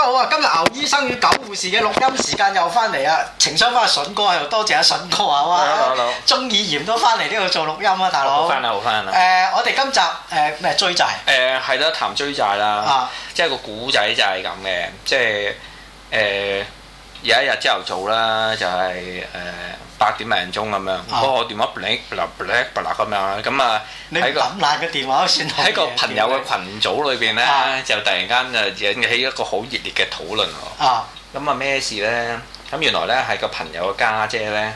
好啊！今日牛醫生與狗護士嘅錄音時間又翻嚟啊！情商翻阿筍哥，又多謝阿、啊、筍哥好啊！哇、啊！老老鍾意嚴都翻嚟呢度做錄音啊！大佬好翻啊！好翻啊！誒、呃，我哋今集誒咩、呃、追債？誒係啦，談追債啦、啊，即係個古仔就係咁嘅，即係誒有一日朝頭早啦、就係，就係誒。八點零鐘咁樣，我電話撥嚟撥落撥嚟撥落咁樣，咁啊喺個抌爛嘅電話算喺個朋友嘅群組裏邊咧，就突然間啊引起一個好熱烈嘅討論喎。啊，咁啊咩事咧？咁原來咧係個朋友嘅家姐咧，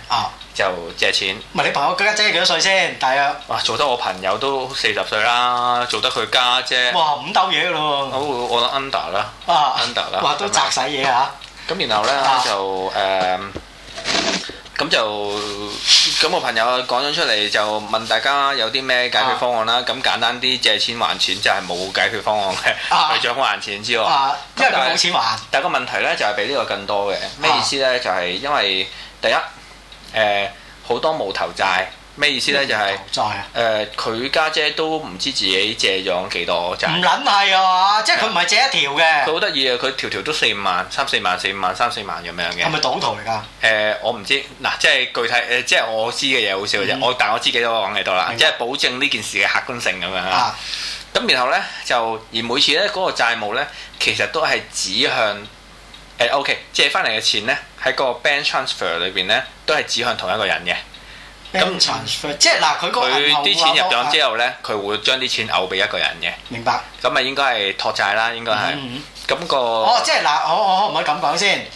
就借錢。唔係你朋友家姐幾多歲先？大約！哇，做得我朋友都四十歲啦，做得佢家姐。哇，五斗嘢咯喎。好，我 under 啦。啊，under 啦。哇，都砸晒嘢啊。咁然後咧就誒。咁就咁，我、那個、朋友講咗出嚟就問大家有啲咩解決方案啦。咁、啊、簡單啲借錢還錢就係冇解決方案嘅，係借空還錢之外，啊、因為冇錢還。但個問題呢，就係、是、比呢個更多嘅咩意思呢？就係、是、因為第一，好、呃、多無頭債。咩意思咧？就係、是、誒，佢家債、呃、姐，姐都唔知自己借咗幾多債。唔撚係啊，即係佢唔係借一條嘅。佢好得意啊！佢條條都四五萬、三四萬、四五萬、三四萬咁樣嘅。係咪賭徒嚟㗎？我唔知嗱、呃，即係具體誒、呃，即係我知嘅嘢好少嘅，我、嗯、但我知幾多我講幾多啦，白即係保證呢件事嘅客觀性咁樣嚇。咁、啊、然後咧就而每次咧嗰、那個債務咧，其實都係指向誒、呃、OK 借翻嚟嘅錢咧，喺個 bank transfer 裏邊咧都係指向同一個人嘅。咁即係嗱，佢啲錢入咗之後咧，佢、啊、會將啲錢嘔俾一個人嘅。明白。咁啊，應該係托債啦，應該係。咁、那個。哦、啊，即係嗱，我好好，唔可以咁講先。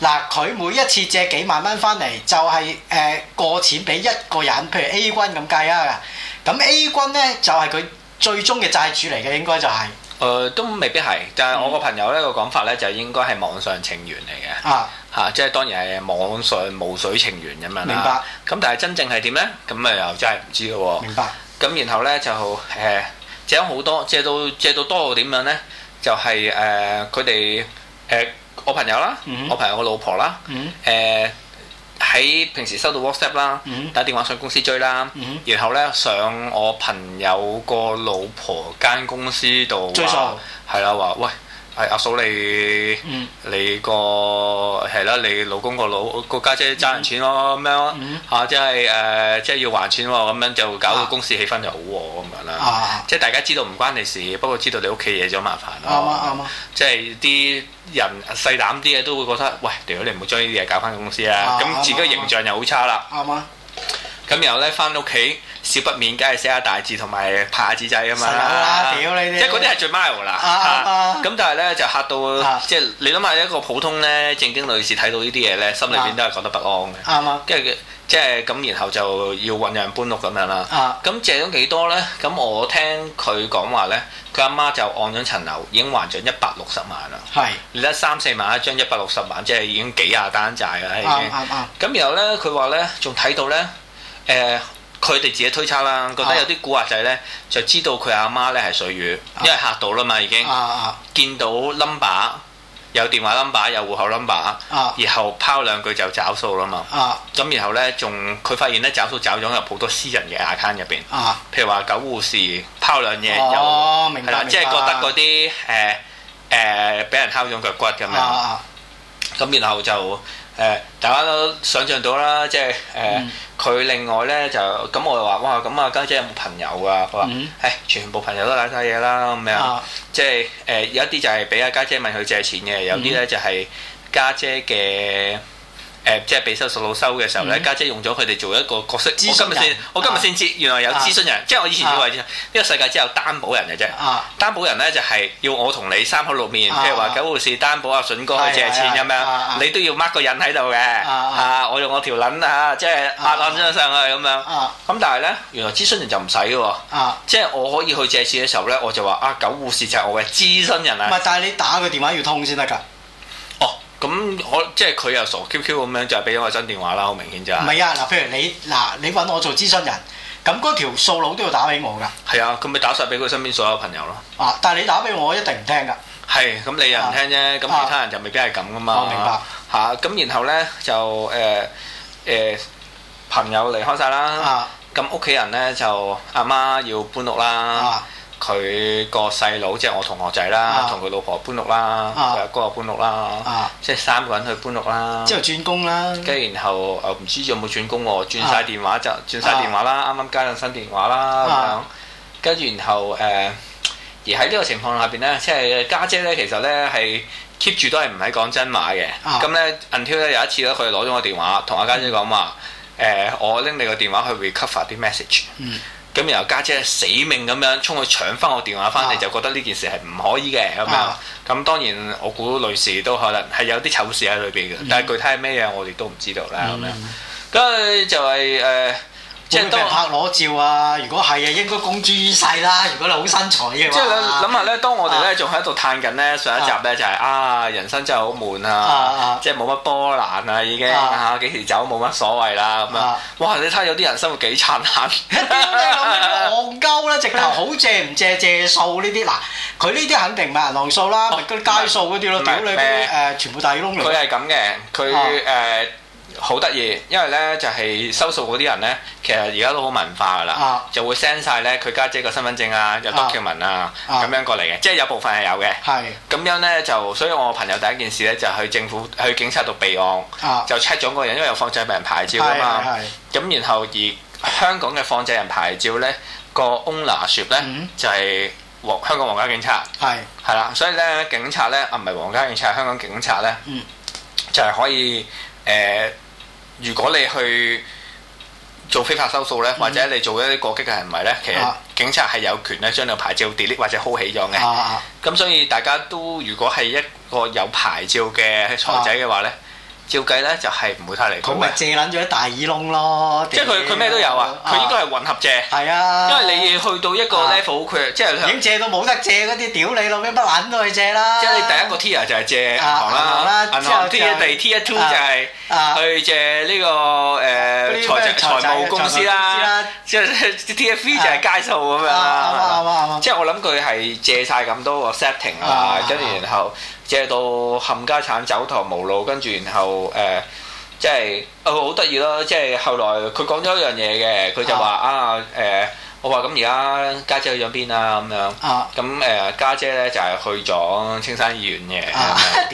嗱，佢每一次借幾萬蚊翻嚟，就係、是、誒、呃、過錢俾一個人，譬如 A 君咁計啊。咁 A 君咧，就係、是、佢最終嘅債主嚟嘅，應該就係、是。誒、呃，都未必係，但係我個朋友咧、嗯、個講法咧，就應該係網上情緣嚟嘅。啊。嚇、啊，即係當然係網上露水情緣咁樣，明白。咁但係真正係點呢？咁咪又真係唔知嘅喎、哦。明白。咁然後呢，就誒、呃、借咗好多，借到借到多到點樣呢？就係誒佢哋我朋友啦，嗯、哼我朋友個老婆啦，誒喺、嗯哼呃、平時收到 WhatsApp 啦，嗯、哼打電話上公司追啦，嗯、哼然後呢，上我朋友個老婆間公司度追啦，話喂。喂係阿嫂你，你、嗯、你個係啦，你老公個老個家姐爭錢咯，咁、嗯、樣嚇即係誒，即係、呃、要還錢喎，咁樣就搞到公司氣氛就好惡咁樣啦。啊、即係大家知道唔關你事，不過知道你屋企嘢就麻煩。啱啊啱啊！啊啊即係啲人細膽啲嘅都會覺得，喂，屌你唔好將呢啲嘢搞翻公司啊！咁、啊啊、自己形象又好差啦。啱啊！啊啊咁然後咧翻屋企，少不免梗係寫下大字同埋拍下字仔啊嘛！神流屌你即係嗰啲係最 mile 啦、 嗯。咁 但係咧就嚇到，即係 對呀、就是、你諗下一個普通咧正經女士睇到呢啲嘢咧，心裏邊都係覺得不安嘅。啱啊！跟住即係咁，然後就要揾人搬屋咁樣啦。咁對呀 借咗幾多咧？咁我聽佢講話咧，佢阿媽就按咗層樓，已經還咗一百六十萬啦。係是你睇三四萬一張，一百六十萬即係已經幾廿單債啦。啊啊咁然後咧，佢話咧仲睇到咧。 誒，佢哋自己推測啦，覺得有啲古惑仔咧，就知道佢阿媽咧係水魚，因為嚇到啦嘛已經，見到 number，有電話 number，有戶口 number，然後拋兩句就找數啦嘛，咁然後咧仲，佢發現咧找數找咗入好多私人嘅 account 入邊，譬如話九護士拋兩嘢就係啦，即係覺得嗰啲誒誒俾人敲咗腳骨咁樣，咁然後就。誒、呃、大家都想象到啦，即係誒佢另外咧就咁我就話哇咁啊家姐，姐有冇朋友啊？佢話誒全部朋友都賴晒嘢啦咁樣，啊、即係誒、呃、有一啲就係俾阿家姐問佢借錢嘅，有啲咧、嗯、就係家姐嘅。誒，即係俾收數佬收嘅時候咧，家姐用咗佢哋做一個角色。我今日先，我今日先知，原來有諮詢人。即係我以前以為呢個世界只有擔保人嘅啫。擔保人咧就係要我同你三口六面，譬如話九護士擔保阿順哥去借錢咁樣，你都要 mark 個人喺度嘅。啊，我用我條撚啊，即係壓稜咗上去咁樣。咁但係咧，原來諮詢人就唔使喎。即係我可以去借錢嘅時候咧，我就話啊，九護士就係我嘅諮詢人啊。唔係，但係你打個電話要通先得㗎。咁我即係佢又傻 QQ 咁樣就係俾咗我新電話啦，好明顯就，唔係啊，嗱，譬如你嗱，你揾我做諮詢人，咁嗰條數路都要打俾我噶。係啊，咁咪打晒俾佢身邊所有朋友咯。啊，但係你打俾我，我一定唔聽噶。係，咁你又唔聽啫，咁其他人就未必係咁噶嘛、啊啊。明白。嚇、啊，咁然後咧就誒誒、呃呃、朋友離開晒啦。咁屋企人咧就阿媽要搬屋啦。啊佢個細佬即係我同學仔啦，同佢老婆搬屋啦，佢阿哥搬屋啦，即係三個人去搬屋啦。之後轉工啦，跟住然後誒唔知有冇轉工喎，轉曬電話就轉晒電話啦，啱啱加咗新電話啦咁樣，跟住然後誒而喺呢個情況下邊咧，即係家姐咧其實咧係 keep 住都係唔係講真話嘅。咁咧 until 咧有一次咧，佢攞咗我電話同我家姐講話誒，我拎你個電話去 recover 啲 message。咁然後家姐，姐死命咁樣衝去搶翻我電話翻嚟，啊、就覺得呢件事係唔可以嘅咁樣。咁、啊、當然我估女士都可能係有啲醜事喺裏邊嘅，嗯、但係具體係咩嘢我哋都唔知道啦咁樣。咁就係、是、誒。呃即係拍裸照啊！如果係啊，應該公諸於世啦！如果你好身材嘅話，即係諗下咧，當我哋咧仲喺度嘆緊咧上一集咧，就係啊人生真係好悶啊！即係冇乜波瀾啊，已經嚇幾時走冇乜所謂啦咁啊！哇！你睇下有啲人生活幾燦爛，點解咁樣戇鳩咧？直頭好借唔借借數呢啲嗱？佢呢啲肯定唔係銀行數啦，咪啲街數嗰啲咯，屌你啲全部大窿，佢係咁嘅，佢誒。好得意，因為咧就係收數嗰啲人咧，其實而家都好文化噶啦，啊、就會 send 晒咧佢家姐個身份證啊、有 document 啊咁樣過嚟嘅，即係有部分係有嘅。係咁是 樣咧就，所以我朋友第一件事咧就係、去政府、去警察度備案，啊、就 check 咗嗰個人，因為有放債人牌照噶嘛。係咁然後而香港嘅放債人牌照咧，個 ownership 咧、嗯、就係皇香港皇家警察係係啦，所以咧警察咧啊唔係皇家警察，係是是 的香港警察咧，嗯、就係可以誒。呃呃呃如果你去做非法收數呢，嗯、或者你做一啲過激嘅行為呢，啊、其實警察係有權咧將你個牌照 delete 或者 hold 起咗嘅。咁、啊啊、所以大家都如果係一個有牌照嘅財仔嘅話呢。啊啊照計咧就係唔會太離譜，佢咪借撚咗啲大耳窿咯，即係佢佢咩都有啊，佢應該係混合借，係啊，因為你去到一個 level 佢即係，點借都冇得借嗰啲，屌你老味，乜撚都去借啦。即係你第一個 tier 就係借銀行啦，銀行啦，銀行 tier 二 tier two 就係去借呢個誒財財務公司啦，即係 tier three 就係街數咁樣啦。即係我諗佢係借晒咁多個 setting 啊，跟住然後。借到冚家產走投無路，跟住然後誒，即係啊好得意囉！即係、呃呃、後來佢講咗一樣嘢嘅，佢就話啊誒。呃呃我話咁而家家姐去咗邊啊？咁樣啊，咁誒家姐咧就係、是、去咗青山醫院嘅。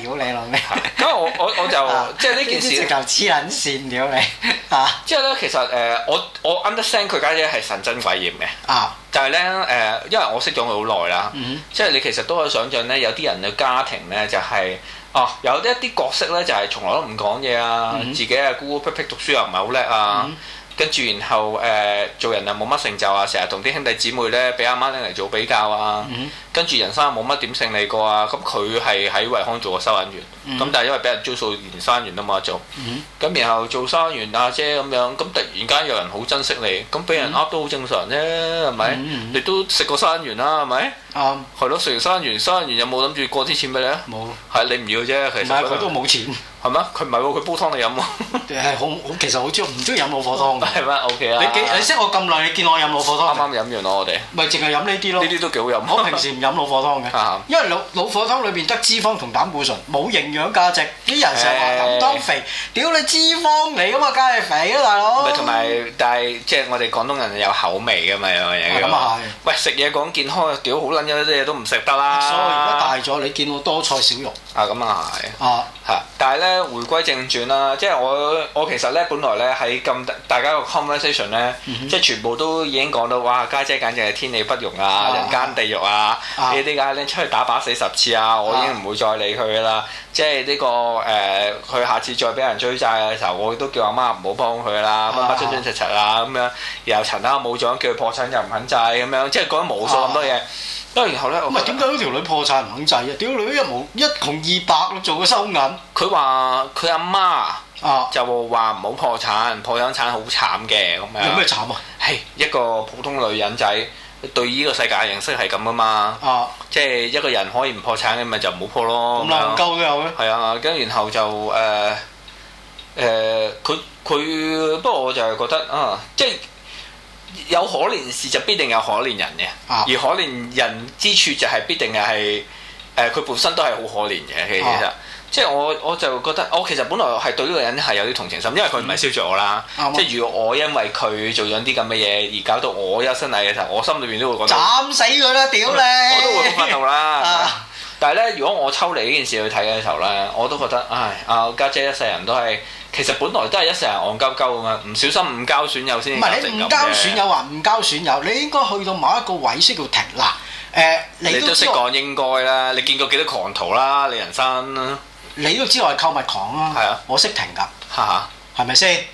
屌、啊、你老味！咁 我我我就、啊、即係呢件事就黐撚線屌你啊！之後咧其實誒我我噏得聲，佢家姐係神憎鬼厭嘅啊！就係咧誒，因為我識咗佢好耐啦，即係、嗯、你其實都可以想象咧，有啲人嘅家庭咧就係、是、哦、啊，有一啲角色咧就係從來都唔講嘢啊，嗯、自己啊孤孤僻僻讀書又唔係好叻啊。嗯嗯跟住然後誒、呃、做人又冇乜成就啊，成日同啲兄弟姊妹咧俾阿媽拎嚟做比較啊。嗯、跟住人生冇乜點勝利過啊。咁佢係喺惠康做個收銀員，咁、嗯、但係因為俾人追數連生員啊嘛做。咁、嗯嗯、然後做生員阿、啊、姐咁樣，咁突然間有人好珍惜你，咁俾人呃都好正常啫，係咪？你都食過生員啦、啊，係咪？啱係咯，食完生完，生完有冇諗住過啲錢俾你啊？冇，係你唔要啫，其實唔係佢都冇錢，係咩？佢唔係喎，佢煲湯你飲喎，係好好其實好唔中意飲老火湯嘅。係嘛？O K 啊，你幾你識我咁耐，你見我飲老火湯，啱啱飲完咯，我哋咪淨係飲呢啲咯。呢啲都幾好飲，我平時唔飲老火湯嘅，因為老老火湯裏邊得脂肪同膽固醇，冇營養價值。啲人成日話飲湯肥，屌你脂肪嚟啊嘛，梗係肥啦，大佬。咪同埋，但係即係我哋廣東人有口味噶嘛，有嘢嘅。咁啊係，喂食嘢講健康，屌好啦。有啲嘢都唔食得啦，所以而家大咗你見我多菜少肉啊，咁啊係。嚇！但係咧，回歸正傳啦，即係我我其實咧，本來咧喺咁大大家個 conversation 咧，即係全部都已經講到哇，家姐簡直係天理不容啊，人間地獄啊！你點解拎出去打靶四十次啊？我已經唔會再理佢啦。即係呢個誒，佢下次再俾人追債嘅時候，我都叫阿媽唔好幫佢啦，乜乜真真實實啊咁樣然後陳啊冇咗，叫佢破產又唔肯制咁樣，即係覺得無數咁多嘢。然咁咪點解呢條女破產唔肯制啊？屌女一冇一窮二白做個收銀。佢話，佢阿媽就話唔好破產，啊、破咗產好慘嘅咁樣。有咩慘啊？係一個普通女人仔對呢個世界認識係咁噶嘛？啊、即係一個人可以唔破產嘅，咪就唔好破咯。咁難救嘅有咩？係啊，跟然後就誒誒，佢、呃、佢、呃、不過我就係覺得啊、呃，即係有可憐事就必定有可憐人嘅，啊、而可憐人之處就係必定係誒，佢、呃、本身都係好可憐嘅其實、啊。即係我我就覺得我其實本來係對呢個人係有啲同情心，因為佢唔係燒著我啦。嗯、即係如果我因為佢做咗啲咁嘅嘢而搞到我一身嚟嘅時候，我心裏邊都會覺得斬死佢啦！屌你， 我都會好憤怒啦。 但係咧，如果我抽離呢件事去睇嘅時候咧，我都覺得唉啊，家姐，姐一世人都係其實本來都係一世人戇鳩鳩㗎嘛，唔小心唔交損友先唔係你唔交損友啊？唔交損友，你應該去到某一個位先要停嗱。誒、呃，你都識講應該啦，你見過幾多狂徒啦？你人生。你都知我係購物狂啊！係啊，我識停噶，係咪先？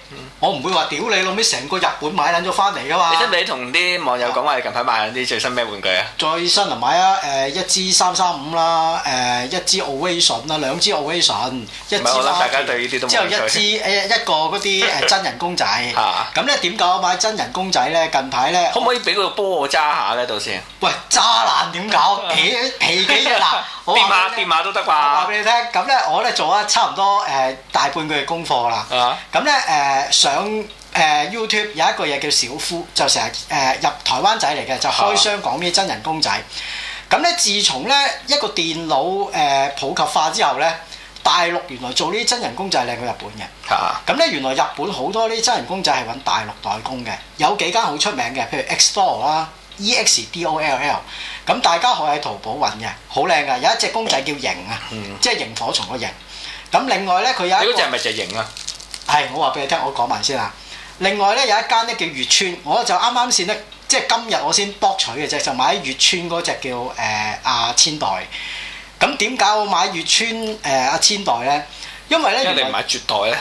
我唔會話屌你，攞尾成個日本買撚咗翻嚟噶嘛！你得唔得同啲網友講話近排買緊啲最新咩玩具啊？最新啊，買啊誒一支三三五啦，誒一支 Ovation 啦，兩支 Ovation，一唔係我諗大家對呢啲都冇興趣。之後一支誒一個嗰啲誒真人公仔，咁咧點搞買真人公仔咧？近排咧可唔可以俾個波我揸下咧？到時喂，揸爛點搞？皮皮幾爛？掂下掂下都得啩？我話俾你聽，咁咧我咧做咗差唔多誒大半個月功課啦。啊，咁咧誒。上誒 YouTube 有一個嘢叫小夫，就成日誒入台灣仔嚟嘅，就開箱講啲真人公仔。咁咧、啊，自從咧一個電腦誒普及化之後咧，大陸原來做呢啲真人公仔係靚過日本嘅。嚇、啊！咁咧，原來日本好多呢啲真人公仔係揾大陸代工嘅，有幾間好出名嘅，譬如 X Doll 啦，E X D O L L。咁大家可以喺淘寶揾嘅，好靚嘅，有一隻公仔叫螢、嗯、啊，即係螢火蟲個螢。咁另外咧，佢有一隻，你嗰隻係咪就係螢啊？係，我話俾你聽，我講埋先啊。另外咧，有一間咧叫月村，我就啱啱先咧，即係今日我先博取嘅啫，就買喺月川嗰隻叫誒阿、呃啊、千代。咁點解我買月村誒阿千代咧？因為咧，因為你買絕代咧，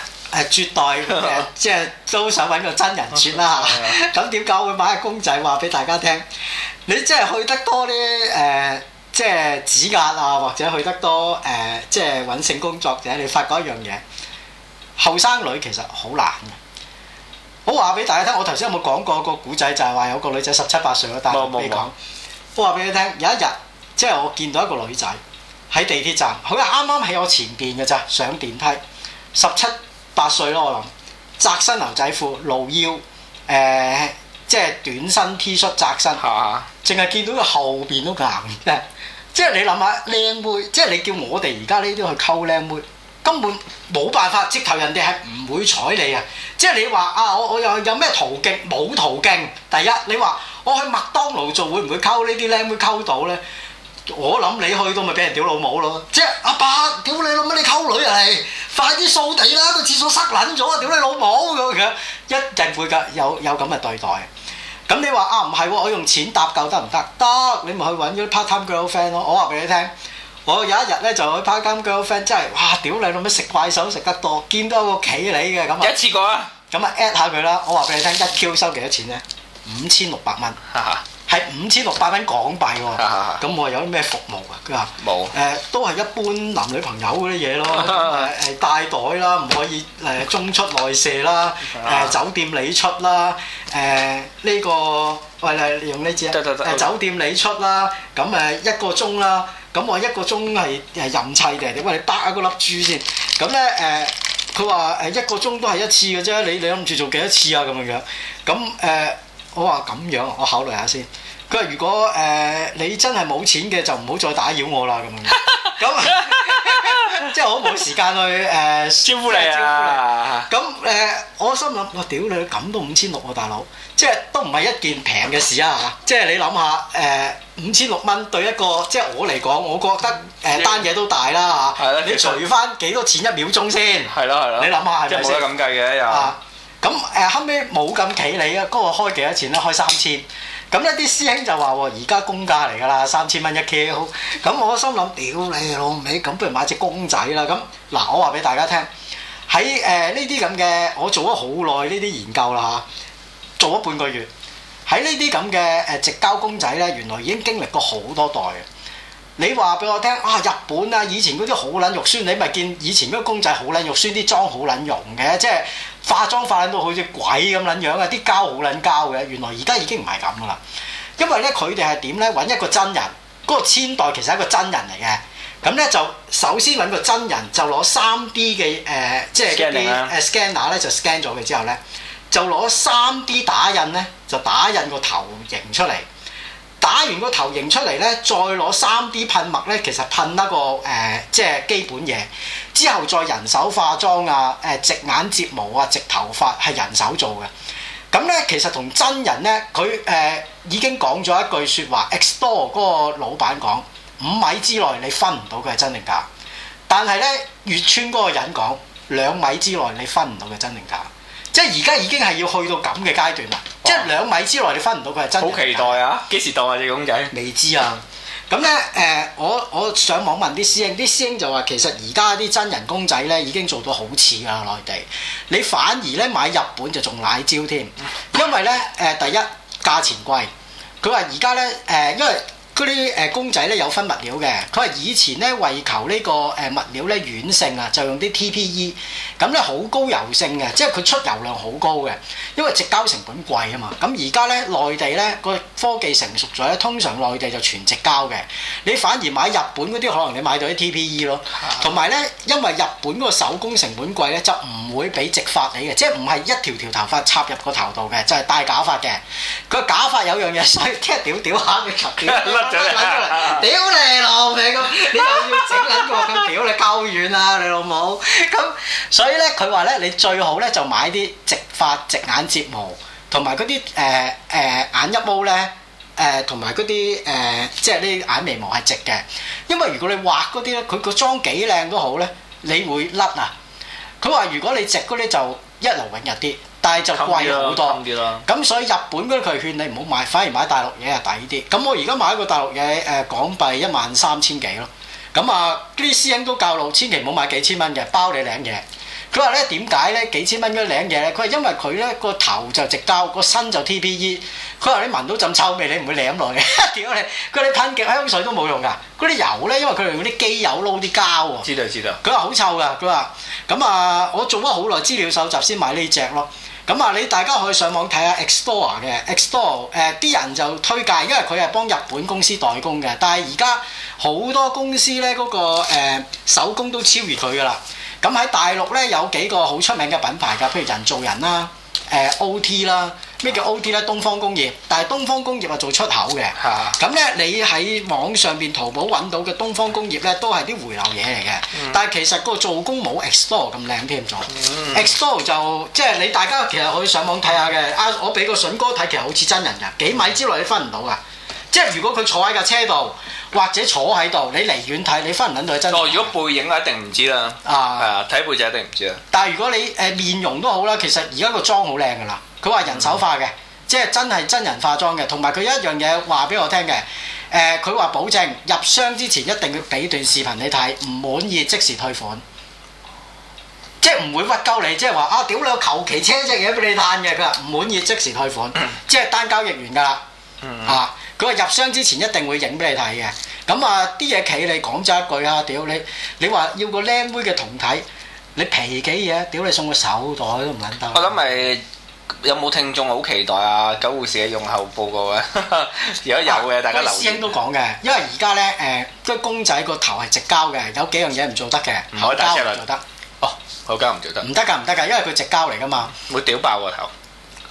誒絕代即係、呃、 都想揾個真人絕啦。咁點解會買個公仔？話俾大家聽，你真係去得多啲，誒、呃，即係指壓啊，或者去得多誒，即、呃、係、就是、搵性工作者，你發覺一樣嘢。後生女其實好難嘅，好話俾大家聽，我頭先有冇講過個古仔，就係、是、話有個女仔十七八歲咯，但係我冇講，說不我話俾你聽，有一日即係我見到一個女仔喺地鐵站，佢啱啱喺我前邊嘅咋上電梯，十七八歲咯，我諗窄身牛仔褲露腰，誒、呃、即係短身 T 恤窄身，淨係、啊、見到佢後邊都硬，即係你諗下靚妹，即係你叫我哋而家呢啲去溝靚妹。根本冇辦法，直頭人哋係唔會睬你啊！即係你話啊，我我又有咩途徑？冇途徑。第一，你話我去麥當勞做會唔會溝呢啲靚妹溝到咧？我諗你去到咪俾人屌老母咯！即係阿伯，屌你老母，你溝女啊嚟，快啲掃地啦！個廁所塞撚咗啊！屌你老母咁樣，一定會㗎，有有咁嘅對待嘅。咁你話啊，唔係喎，我用錢搭救得唔得？得，你咪去揾咗 part time girlfriend 咯。我話俾你聽。我有一日咧就去 part time girlfriend，真係哇！屌你老母食快手食得多，見到個企你嘅咁啊！一次過啊！咁啊 at 下佢啦，我話俾你聽，一 Q 收幾多錢咧？五千六百蚊，係五千六百蚊港幣喎。咁、啊啊、我話有啲咩服務啊？佢話冇。誒有、呃、都係一般男女朋友嗰啲嘢咯。誒帶 袋啦，唔可以誒中出內射啦。誒、 呃、酒店你出啦。誒、呃、呢、呢個喂，你用呢啲啊， 酒店你出啦。咁、呃、誒一個鐘啦。咁、呃、我一個鐘係係任砌嘅，點？喂你打啊嗰粒珠先。咁咧誒，佢話誒一個鐘都係一次嘅啫。你你諗住做幾多次啊？咁樣樣。咁、嗯、誒。呃呃呃我話咁樣，我考慮下先。佢話如果誒、呃、你真係冇錢嘅，就唔好再打擾我啦，咁咁即係我冇時間去誒招呼你啊。招呼你，咁誒、嗯呃，我心諗我屌你咁都五千六喎，大佬，即係都唔係一件平嘅事啊！即係你諗下誒五千六蚊對一個即係我嚟講，我覺得誒單嘢都大啦嚇。係啦，你除翻幾多錢一秒鐘先？係啦係啦，你諗下係咪先？即係唔好咁計嘅又。咁誒後尾冇咁企理啊！嗰個開幾多錢咧？開三千。咁一啲師兄就話而家公價嚟㗎啦，三千蚊一 K。咁我心諗：屌你老味！咁不如買隻公仔啦。咁嗱，我話俾大家聽，喺誒呢啲咁嘅，我做咗好耐呢啲研究啦嚇，做咗半個月。喺呢啲咁嘅誒直交公仔咧，原來已經經歷過好多代。你話俾我聽啊！日本啊，以前嗰啲好撚肉酸，你咪見以前嗰公仔好撚肉酸，啲裝好撚用嘅，即係。化妝化到好似鬼咁撚樣啊！啲膠好撚膠嘅，原來而家已經唔係咁噶啦。因為咧，佢哋係點咧？揾一個真人，嗰個千代其實係一個真人嚟嘅。咁咧就首先揾個真人，就攞三 d 嘅誒、呃，即係啲 scanner 咧，就 scan 咗佢之後咧，就攞三 d 打印咧，就打印個頭型出嚟。打完個頭型出嚟咧，再攞 3D 噴墨咧，其實噴得個誒、呃、即係基本嘢，之後再人手化妝啊，誒、呃、植眼、睫毛啊、植頭髮係人手做嘅。咁咧其實同真人咧，佢誒、呃、已經講咗一句説話，X 多嗰個老闆講，五米之內你分唔到佢係真定假，但係咧越村嗰個人講，兩米之內你分唔到佢真定假。即係而家已經係要去到咁嘅階段啦，哇即係兩米之內你分唔到佢係真嘅。好期待啊！幾時到啊？隻公仔未知啊。咁咧誒，我我上網問啲師兄，啲師兄就話，其實而家啲真人公仔咧已經做到好似啦，內地你反而咧買日本就仲奶蕉添，因為咧誒、呃、第一價錢貴，佢話而家咧誒因為。嗰啲誒公仔咧有分物料嘅，佢係以前咧為求呢個誒物料咧軟性啊，就用啲 TPE，咁咧好高油性嘅，即係佢出油量好高嘅，因為矽膠成本貴啊嘛。咁而家咧內地咧個科技成熟咗咧，通常內地就全矽膠嘅，你反而買日本嗰啲可能你買到啲 TPE 咯，同埋咧因為日本嗰個手工成本貴咧，就唔會俾植髮你嘅，即係唔係一條條頭髮插入個頭度嘅，就係戴假髮嘅。個假髮有樣嘢，所以即係屌屌下。你整捻過嚟，屌你，老味咁，你又要整捻過，咁屌你溝遠喇，你老母！咁所以咧，佢話咧，你最好咧就買啲直髮、直眼睫毛，同埋嗰啲誒誒眼一毛咧，誒同埋嗰啲誒，即係啲眼眉毛係直嘅。因為如果你畫嗰啲咧，佢個妝幾靚都好咧，你會甩啊！佢話如果你直嗰啲就一流永有啲。但就貴好多，咁所以日本嗰啲佢勸你唔好買，反而買大陸嘢係抵啲。咁我而家買一個大陸嘢，誒、呃、港幣一萬三千幾咯。咁啊，啲師兄都教路，千祈唔好買幾千蚊嘅，包你領嘢。佢話咧，點解咧幾千蚊嗰啲領嘢咧？佢話因為佢咧，個頭就直膠，個身就 TPE。佢話你聞到陣臭味，你唔會攬落嘅。屌你！佢話你噴極香水都冇用噶。嗰啲油咧，因為佢用啲機油撈啲膠喎。知道知道。佢話好臭噶。佢話咁啊，我做咗好耐資料搜集先買呢隻咯。咁啊，你大家可以上網睇下 X-Store 嘅 X-Store，誒、呃、啲人就推介，因為佢係幫日本公司代工嘅，但係而家好多公司咧嗰、嗰個、呃、手工都超越佢㗎啦。咁喺大陸咧有幾個好出名嘅品牌㗎，譬如人造人啦，誒、呃、OT 啦。咩叫 O.T. 咧？東方工業，但係東方工業係做出口嘅，咁咧的你喺網上邊淘寶揾到嘅東方工業咧，都係啲回流嘢嚟嘅。嗯、但係其實嗰個做工冇 e x p l o w 咁靚添 e x p l o w 就即係你大家其實可以上網睇下嘅啊！我俾個筍哥睇，其實好似真人㗎，幾米之內你分唔到㗎。即係如果佢坐喺架車度。或者坐喺度，你離遠睇，你分唔捻到係真。哦，如果背影一定唔知啦。啊，係啊，睇背就一定唔知啦。但係如果你誒面容都好啦，其實而家個妝好靚噶啦。佢話人手化嘅，即係真係真人化妝嘅。同埋佢有一樣嘢話俾我聽嘅，誒佢話保證入箱之前一定要俾段視頻你睇，唔滿意即時退款，即係唔會屈鳩你，即係話啊，屌你，求其車隻嘢俾你嘆嘅佢話，唔滿意即時退款，即係單交易完噶啦，啊。佢話入箱之前一定會影俾你睇嘅，咁啊啲嘢企你講咗一句啊，屌你！你話要個靚妹嘅胴體，你皮幾嘢，屌你送個手袋都唔撚得。我諗咪有冇聽眾好期待啊？九護士嘅用後報告啊！ 如果有嘅、啊、大家留意。師兄都講嘅，因為而家咧誒，啲、呃、公仔個頭係直膠嘅，有幾樣嘢唔做得嘅，唔頭膠唔做得。哦，好膠唔做得。唔得㗎，唔得㗎，因為佢直膠嚟㗎嘛。會屌爆個頭。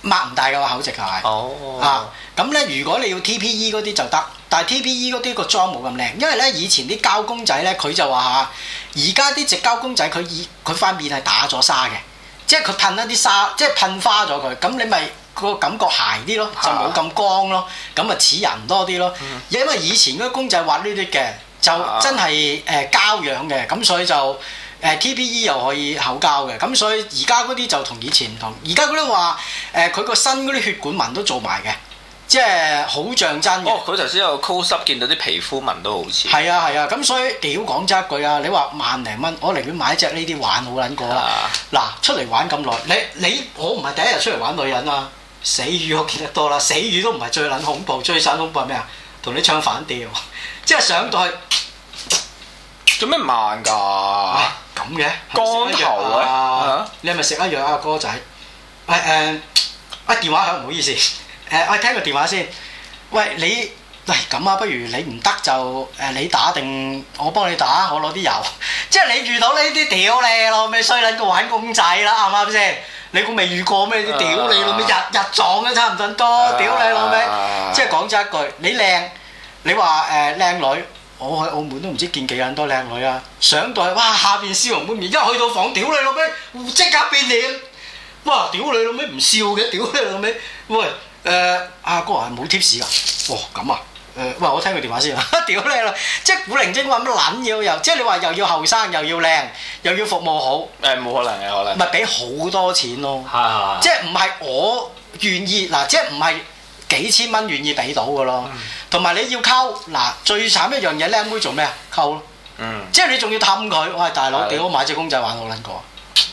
擘唔大嘅話口直鞋，oh, oh, oh, oh. 啊咁咧如果你要 TPE 嗰啲就得，但係 TPE 嗰啲個妝冇咁靚，因為咧以前啲膠公仔咧佢就話嚇，而家啲直膠公仔佢以佢塊面係打咗沙嘅，即係佢噴一啲沙，即係噴花咗佢，咁你咪個感覺鞋啲咯，就冇咁光咯，咁啊似人多啲咯，因為以前嗰啲公,公,、oh. 公仔畫呢啲嘅，就真係誒膠樣嘅，咁、oh. 所以就。誒 TPE 又可以口交嘅，咁所以而家嗰啲就同以前唔同。而家嗰啲話誒，佢個身嗰啲血管紋都做埋嘅，即係好像真哦，佢頭先有 close up，見到啲皮膚紋都好似。係啊係啊，咁、啊、所以幾好講真一句啊！你話萬零蚊，我寧願買隻呢啲玩好撚過啦。嗱、啊，出嚟玩咁耐，你你我唔係第一日出嚟玩女人啊，死魚我見得多啦，死魚都唔係最撚恐怖，最慘恐怖係咩啊？同你唱反調，即係上到去做咩慢㗎？咁嘅，光頭、啊啊、你係咪食一樣阿、啊、哥仔？喂、哎，誒、呃，啊、哎、電話響，唔好意思，誒、呃，我、哎、聽個電話先。喂，你，喂、哎，咁啊，不如你唔得就誒、呃，你打定，我幫你打，我攞啲油。 即係你遇到呢啲屌你老味衰撚個玩公仔啦，啱唔啱先？你估未遇過咩？屌你老味日日撞都差唔多，屌你老味。即係講咗一句，你靚，你話誒靚女。我喺澳門都唔知見幾多靚女啊！上到係哇，下邊笑容滿面，一去到房，屌你老尾，即刻變臉。哇！屌你老尾唔笑嘅，屌你老尾。喂，誒、呃、阿哥、哥、哦、啊，冇 t 士 p s 噶？哇，咁啊？誒，喂，我聽佢電話先啊！屌你啦，即係古靈精混乜撚要，又要。又，即係你話又要後生又要靚，又要服務好。誒，冇可能嘅，可能。咪俾好多錢咯。係係。 即係唔係我願意嗱？即係唔係幾千蚊願意俾到嘅咯？嗯同埋你要溝嗱最慘一樣嘢，僆妹，妹做咩啊？溝咯，嗯、即係你仲要氹佢。喂，大佬幾的好買隻公仔玩好撚過啊？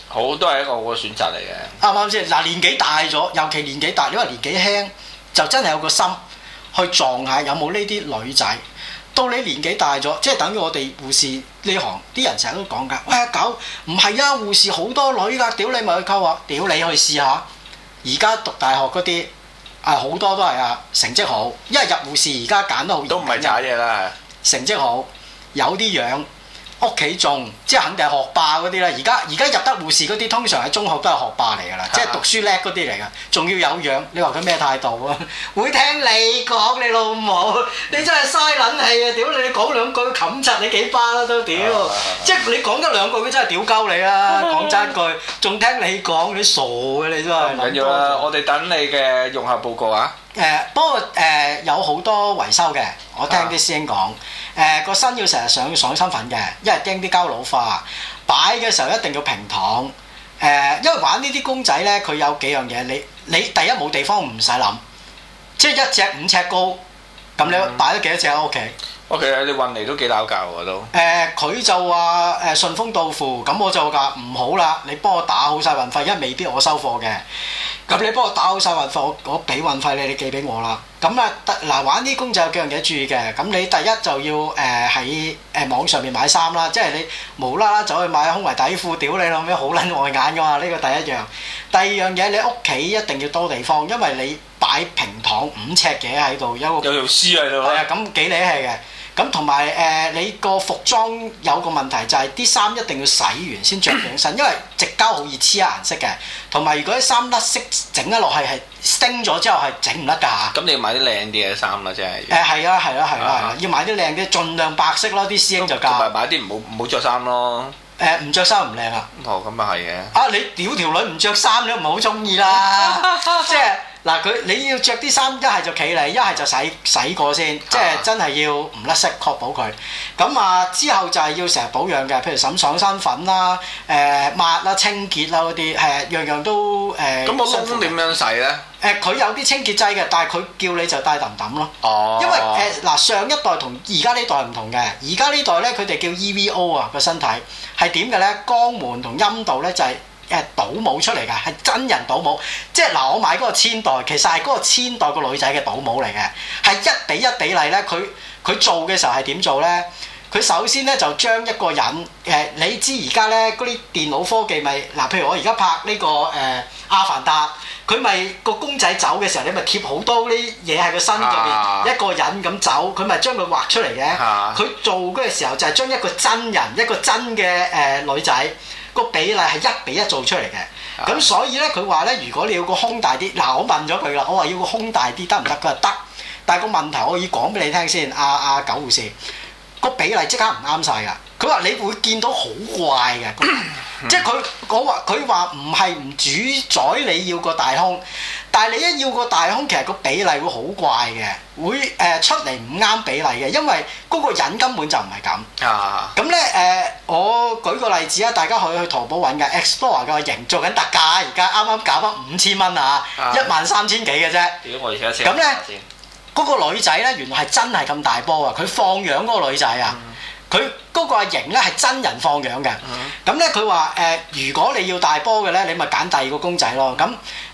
好，都係一個好嘅選擇嚟嘅。啱唔啱先？嗱、嗯、年紀大咗，尤其年紀大，因年紀大，因為年紀輕就真係有個心去撞下有冇呢啲女仔。到你年紀大咗，即係等於我哋護士呢行啲人成日都講㗎。喂阿狗，唔係啊，護士好多女㗎，屌你咪去溝啊，屌你去試下。而家讀大學嗰啲。啊！好多都係啊，成績好，因為入護士而家揀得好嚴，都唔係渣嘢啦。成績好，有啲樣。屋企仲，即係肯定係學霸嗰啲啦。而家而家入得護士嗰啲，通常喺中學都係學霸嚟噶啦，啊、即係讀書叻嗰啲嚟噶，仲要有樣。你話佢咩態度啊？ 會聽你講，你老母，你真係嘥撚氣啊！屌你，講兩句冚柒你幾巴啦都屌，啊、即係你講得兩句，佢真係屌鳩你啦、啊！啊、講真句，仲聽你講，你傻嘅、啊、你真係。唔、啊、緊要啦，我哋等你嘅融合報告啊！誒、呃、不過誒、呃、有好多維修嘅，我聽啲師兄講，誒、啊呃、個身要成日上爽身粉嘅，因為驚啲膠老化。擺嘅時候一定要平躺，誒、呃，因為玩，玩呢啲公仔咧，佢有幾樣嘢，你你第一冇地方唔使諗，即係一隻五尺高，咁你擺咗幾多隻喺屋企？嗯嗯。哦，其實你運嚟都幾嘈交喎都。誒，佢就話誒順豐到付，咁我就話唔好啦，你幫我打好曬運費，因為未必我收貨嘅。咁你幫我打好曬運費，我我俾運費你，你寄俾我啦。咁啊，得嗱玩呢工就有幾樣嘢注意嘅。咁你第一就要誒喺誒網上面買衫啦，即係你無啦啦走去買胸圍底褲，屌你老味，好撚礙眼㗎嘛。呢個第一樣。第二樣嘢，你屋企一定要多地方，因為你擺平躺五尺嘅喺度，有有條屍喺度。係啊，咁幾厲氣嘅。咁同埋誒，你個服裝有個問題就係啲衫一定要洗完先着上身， 因為直膠好易黐顏色嘅。同埋如果啲衫甩色整一落去係升咗之後係整唔得㗎嚇。咁你要買啲靚啲嘅衫啦，即係。誒係、嗯、啊係啊係啊，啊，啊，要買啲靚嘅，儘量白色咯，啲師兄就夠。同埋買啲唔好着衫咯。誒唔着衫唔靚啊。哦、啊，咁啊係嘅。啊你屌條女唔着衫你都唔係好中意啦。即係。嗱佢你要着啲衫，一係就企嚟，一係就洗洗過先，即係真係要唔甩色，確保佢。咁啊之後就係要成日保養嘅，譬如洗爽身粉啦、誒、呃、抹啦、清潔啦嗰啲，係、呃、樣樣都誒。咁、呃、我窿窿點樣洗咧？誒佢有啲清潔劑嘅，但係佢叫你就帶揼揼咯。哦，因為誒嗱、呃、上一代、一代同而家呢代唔同嘅，而家呢代咧佢哋叫 EVO 啊個身體係點嘅咧？肛門同陰道咧就係、是。誒，倒模出嚟㗎，係真人倒模，即係嗱，我買嗰個千代，其實係嗰個千代個女仔嘅倒模嚟嘅，係一比一比例咧。佢佢做嘅時候係點做咧？佢首先咧就將一個人誒、呃，你知而家咧嗰啲電腦科技咪、就、嗱、係，譬如我而家拍呢、呢個誒、呃、阿凡達，佢咪個公仔走嘅時候，你咪貼好多啲嘢喺個身入邊，啊、一個人咁走，佢咪將佢畫出嚟嘅。佢、啊、做嘅時候就係將一個真人，一個真嘅誒、呃、女仔。個比例係一比一做出嚟嘅，咁的所以咧佢話咧，如果你要個胸大啲，嗱、啊、我問咗佢啦，我話要個胸大啲得唔得？佢話得，但係個問題我要講俾你聽先，阿、啊、阿、啊、九護士。個比例即刻唔啱晒噶，佢話你會見到好怪嘅， 即係佢我話佢話唔係唔主宰你要個大空，但係你一要個大空，其實個比例會好怪嘅，會誒、呃、出嚟唔啱比例嘅，因為嗰個人根本就唔係咁。啊呢，咁咧誒，我舉個例子啊，大家可以去淘寶揾㗎，Explorer 個型做緊特價，剛剛啊、13，而家啱啱減翻五千蚊啊，一萬三千幾嘅啫。屌，我而家先。嗰個女仔咧，原來係真係咁大波啊！佢放養嗰個女仔、嗯、個啊，佢嗰個阿瑩咧係真人放養嘅。咁咧佢話誒，如果你要大波嘅咧，你咪揀第二個公仔咯。咁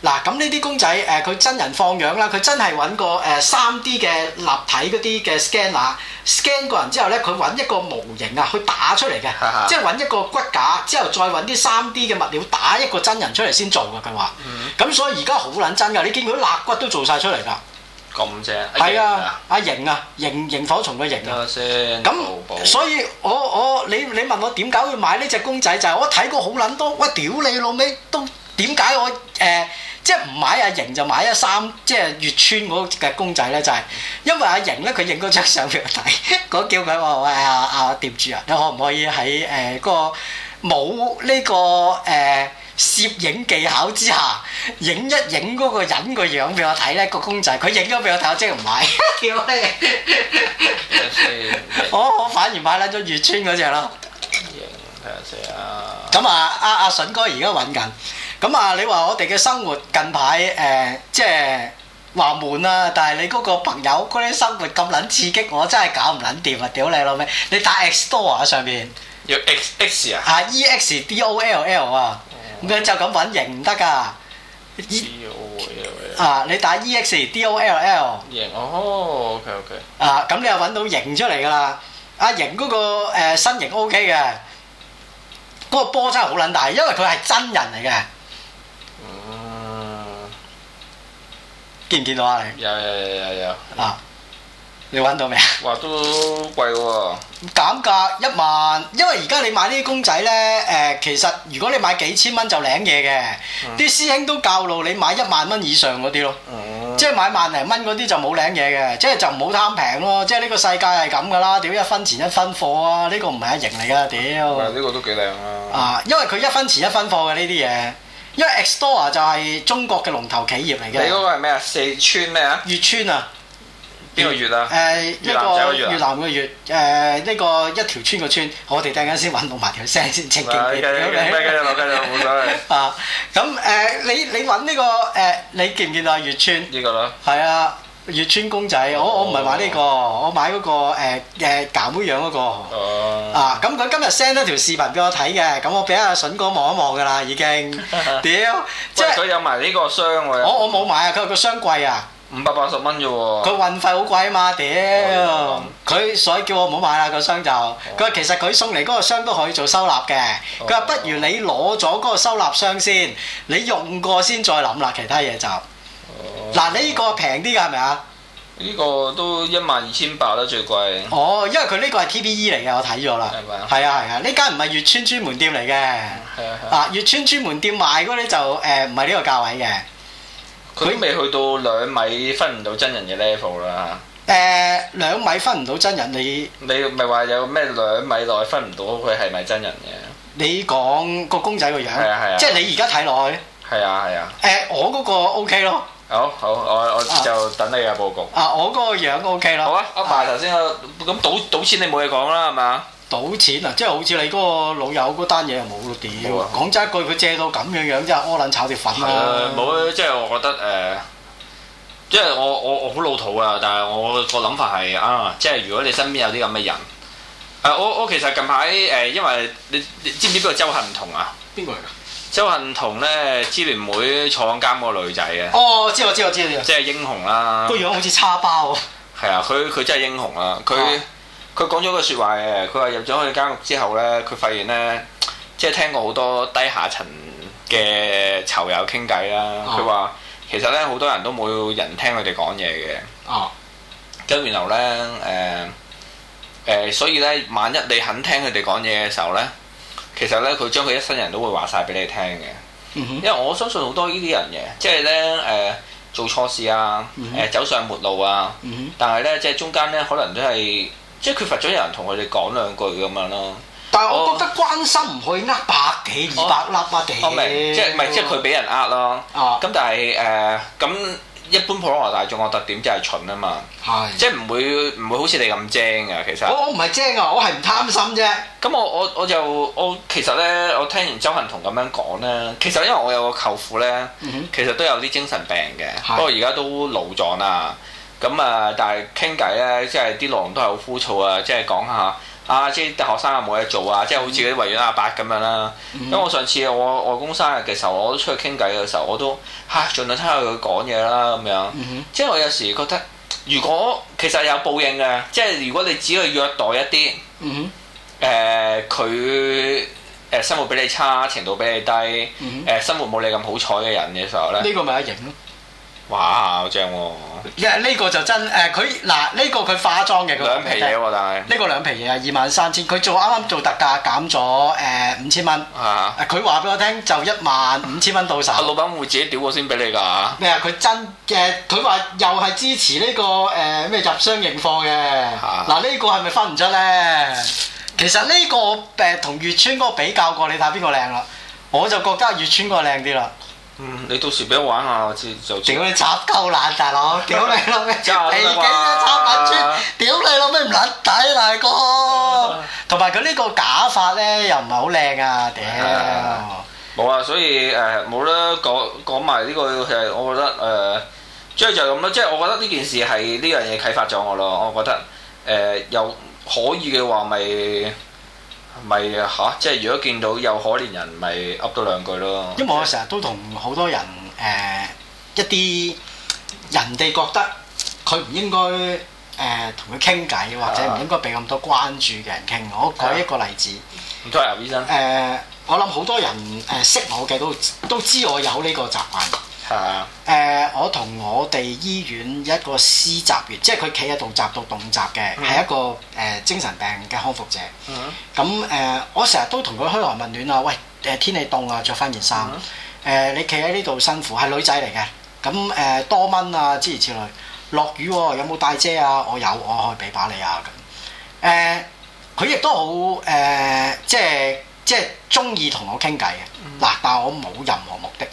嗱，咁呢啲公仔誒，佢、呃、真人放養啦，佢真係揾個誒三 D 嘅立體嗰啲嘅 scanner scan 個人之後咧，佢揾一個模型啊，去打出嚟嘅，嗯、即係揾一個骨架，之後再揾啲三 D 嘅物料打一個真人出嚟先做嘅。佢話，咁所以而家好撚真㗎，你見佢肋骨都做晒出嚟㗎。咁正，係 啊！阿、啊、瑩啊，瑩螢火蟲嘅瑩啊，先。咁所以我我你你問我點解會買呢隻公仔就係、是、我睇過好撚多，我屌你老味，都點解我誒、呃、即係唔買阿、啊、瑩就買阿三即係月村嗰隻公仔咧就係，因為阿瑩咧佢影嗰張相畀我睇，嗰 叫佢話喂阿阿、啊啊、店主啊，你可唔可以喺誒、呃這個冇呢、呃這個誒？呃攝影技巧之下，影一影嗰個人個樣俾我睇呢。個公仔佢影咗俾我睇，即 我即係唔買？屌你！我我反而買甩咗月村嗰隻咯。睇下先。咁、嗯嗯嗯嗯、啊，阿、啊、阿、啊、筍哥而家揾緊。咁、嗯、啊，你話我哋嘅生活近排誒，即係話悶啊！但係你嗰個朋友嗰啲生活咁撚刺激，我真係搞唔撚掂啊！屌你老味，你打 X Doll 喺上面，有 X X 啊？啊，E X D O L L 啊！E X D O L L。咁樣就咁揾型唔得噶，啊！你打 E X D O L L 型哦，OK OK。啊，咁你又揾到型出嚟噶啦？阿型嗰個誒，身形 OK 嘅，嗰個波真係好撚大，因為佢係真人嚟嘅。嗯，見唔見到啊？你有有有有有。啊！你揾到未啊？嘩都貴喎。減價一萬，因為而家你買呢啲公仔呢，誒、呃，其實如果你買幾千蚊就領嘢嘅，啲、嗯、師兄都教路你買一萬蚊以上嗰啲咯、嗯、咯，即係買萬零蚊嗰啲就冇領嘢嘅，即係就唔好貪平咯，即係呢個世界係咁噶啦，屌一分錢一分貨啊，呢、這個唔係一型嚟噶，屌、嗯。呢個都幾靚啊！啊，因為佢一分錢一分貨嘅呢啲嘢，因為 X Store 就係中國嘅龍頭企業嚟嘅。你嗰個係咩啊？四川咩啊？粵川啊！邊個月啊？誒，一個越南嘅月，誒、呃，呢、這個一條村嘅村，我哋陣間先揾到埋條聲先正經啲。唔該、啊，唔該，唔該，唔該、啊。啊，咁、啊、誒，你你揾呢、這個誒、啊，你見唔見到啊？月村？呢個啦？係啊，月村公仔，哦、我我唔係買呢、這個，我買嗰、那個誒誒夾妹樣嗰、那個。啊，咁、啊、佢、嗯啊、今日 send 咗條視頻俾我睇嘅，咁我俾阿笋哥望一望噶啦，已經。屌、 啊！即係佢有埋呢個箱喎。我我冇買啊，佢個箱貴啊。五百八十蚊啫喎，佢運費好貴啊嘛，屌！佢、哦嗯、所以叫我唔好買啦個箱就，佢話、哦、其實佢送嚟嗰個箱都可以做收納嘅，佢話、哦、不如你攞咗嗰個收納箱先，你用過先再諗啦，其他嘢就，嗱呢、哦呢個平啲嘅係咪啊？呢個都一萬二千八啦最貴。哦，因為佢呢個係 TPE 嚟嘅，我睇咗啦。係咪吧啊？係啊係啊，呢間唔係月村專門店嚟嘅。係啊係啊。啊，月村專門店賣嗰啲就誒唔係呢個價位嘅。佢都未去到兩米，分唔到真人嘅 level 啦嚇。誒，兩米分唔到真人，你你咪話有咩兩米內分唔到佢係咪真人嘅？你講個公仔個樣，係啊係啊。即係你而家睇落去。係啊係啊。誒，我嗰個 OK 咯。好，好，我我就等你嘅報告。啊，我嗰個樣 OK 咯。好啊，阿爸頭先咁賭賭錢，你冇嘢講啦，係嘛？賭錢啊！即係好似你嗰個老友嗰單嘢又冇咯屌！講真用一句，佢借到咁樣樣真係屙撚炒碟粉冇、啊、即係我覺得誒、呃，即係我我我好老土啊！但係我個諗法係啊，即係如果你身邊有啲咁嘅人，誒、啊、我我其實近排誒、呃，因為你你知唔知邊個鄒幸彤啊？邊個嚟噶？鄒幸彤咧，支聯會坐監嗰個女仔、哦、啊。哦，知我知我知啊！即係英雄啦。個樣好似叉包啊。係 啊！佢佢真係英雄啊！佢。佢講咗個説話嘅，佢話入咗去監獄之後咧，佢發現咧，即係聽過好多低下層嘅囚友傾偈啦。佢話、哦、其實咧，好多人都冇人聽佢哋講嘢嘅。哦，咁然後咧，誒、呃、誒、呃，所以咧，萬一你肯聽佢哋講嘢嘅時候咧，其實咧，佢將佢一生人都會話晒俾你聽嘅。嗯、哼因為我相信好多呢啲人嘅，即係咧誒做錯事啊，誒、嗯哼呃、走上末路啊，嗯、哼但係咧，即係中間咧，可能都係。即係缺乏咗有人同佢哋講兩句咁樣咯。但係我覺得關心唔可以呃百幾二百粒百幾。即係唔係即係佢俾人呃咯。咁但係誒，咁一般普羅大眾個特點就係蠢啊嘛。即係唔會唔會好似你咁精啊其實。我我唔係精啊，我係唔貪心啫。咁我我我就我其實咧，我聽完周幸彤咁樣講咧，其實因為我有個舅父咧，其實都有啲精神病嘅，不過而家都老咗啦。咁啊！但係傾偈咧，即係啲內容都係好枯燥啊！即係講下啊，啲學生有冇嘢做啊，即係好似啲維園阿伯咁樣啦。因為合遣我上次我外公生日嘅時候，我都出去傾偈嘅時候，我都嚇盡量聽下佢講嘢啦咁樣。合遣即係我有時覺得，如果其實有報應嘅，即係如果你只去虐待一啲誒佢誒生活比你差、程度比你低、誒合遣、呃、生活冇你咁好彩嘅人嘅時候咧，呢個咪阿盈咯。哇，正喎、啊！呢、yeah, 個就真誒，佢嗱呢個佢化妝嘅佢兩皮嘢喎，但係是呢個兩皮嘢係二萬三千，佢做啱啱做特價減咗誒五千蚊，佢話俾我聽就一萬五千蚊到手。老闆會自己屌我先俾你㗎咩、呃這個呃、啊？佢真嘅，佢話又係支持呢個誒咩入商認貨嘅。嗱呢個係咪分唔出呢？其實呢個誒同月川哥比較過，你睇下邊個靚啦！我就覺得月川哥靚啲啦。嗯，你到時俾我玩下，我知就。屌你插夠爛，大佬！屌你攞咩幾嘅插品出？屌你攞咩唔卵仔大哥？同埋佢呢個假髮咧又唔係好靚啊！屌、yeah。冇啊，所以誒冇啦，講講埋呢個係、呃即係即係，我覺得誒，即、呃、係就咁、係、啦。即係我覺得呢件事係呢樣嘢啟發咗我咯，我覺得誒又可以嘅話咪。咪嚇，即係、就是、如果見到有可憐人，咪噏多兩句咯。因為我成日都同好多人誒、呃、一啲人哋覺得佢唔應該誒同佢傾偈，或者唔應該俾咁多關注嘅人傾。的我舉一個例子，唔該啊，醫生。誒、呃，我諗好多人誒識我嘅都都知我有呢個習慣。係我同我哋醫院一個私閘員，即係佢企喺度閘到動閘嘅，係一個誒精神病嘅康復者。咁、huh. 誒、like,，我成日都同佢噓寒問暖啊，喂、huh. like Ma，誒天氣凍啊，着翻件衫。誒你企喺呢度辛苦，係女仔嚟嘅。咁誒多蚊啊，諸如此類。落雨有冇帶遮啊？我有，我可以俾把你啊。咁誒，佢亦都好誒，即係即係中意同我傾偈嘅。嗱，但係我冇任何目的。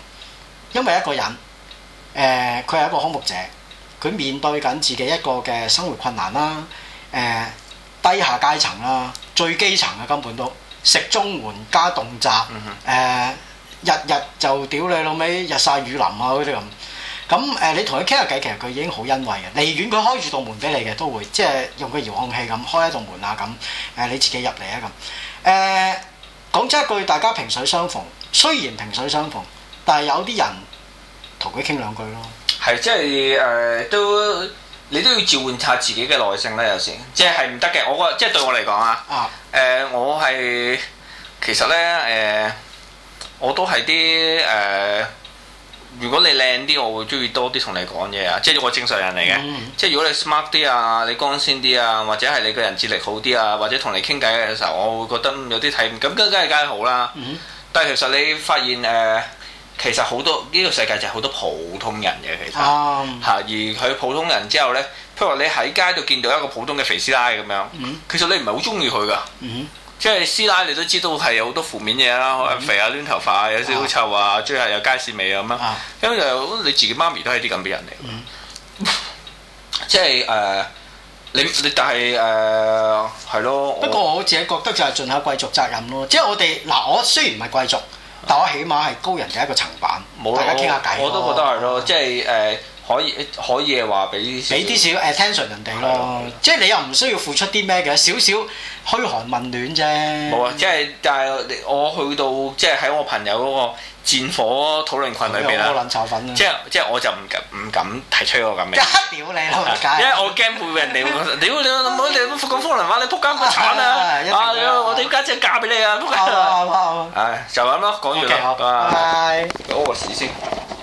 因為一個人，誒佢係一個康復者，佢面對緊自己一個嘅生活困難啦，誒、呃、低下階層啦，最基層嘅根本都食綜援加棟雜，誒、呃、日日就屌你老味，日曬雨淋啊嗰啲咁，咁誒、呃、你同佢傾下偈，其實佢已經好欣慰嘅，離遠佢開住道門俾你嘅，都會即係用個遙控器咁開一道門啊咁，誒、呃、你自己入嚟啊咁，誒講真一句，大家萍水相逢，雖然萍水相逢，但係有啲人。同佢傾兩句咯，係即係誒、呃、都你都要召換喚下自己嘅耐性啦，有時即係唔得嘅。我覺得即係對我嚟講啊，誒、呃、我係其實咧誒、呃、我都係啲誒，如果你靚啲，我會中意多啲同你講嘢啊。即係我係正常人嚟嘅，嗯嗯即係如果你 smart 啲啊，你光鮮啲啊，或者係你個人智力好啲啊，或者同你傾偈嘅時候，我會覺得有啲睇唔咁，梗係梗係好啦。但係、嗯、其實你發現誒、呃其實好多呢、這個世界就係好多普通人嘅，其實嚇，而佢普通人之後咧，譬如話你喺街度見到一個普通嘅肥師奶咁樣，其實你唔係好中意佢噶，即係師奶你都知道係有好多負面嘢啦，肥啊、攣頭髮啊、有少少臭啊、最係有街市味啊咁樣，因為、啊、你自己媽咪都係啲咁嘅人嚟，嗯、即係誒，呃、你你但係誒係咯，不過我自己覺得就係盡下貴族責任咯，即係我哋嗱，我雖然唔係貴族。但我起碼係高人嘅一個層板，冇大家傾下偈，我都覺得係咯，嗯、即係誒、呃，可以可以係話俾俾啲少 attention、嗯、人哋咯。的即係你又唔需要付出啲咩嘅，少少噓寒問暖啫。冇啊，即係但係我去到即係喺我朋友嗰個。戰火討論群裏邊啦，即係即係我就唔敢，唔敢提出個咁嘅。屌你、嗯、因為我驚會俾人哋屌 你，我你咁講方能話你撲街咁鬼慘啊！啊，我點解即係嫁俾你啊！撲街！唉、 哎，就咁咯，講完啦。拜拜，好拜，謝先。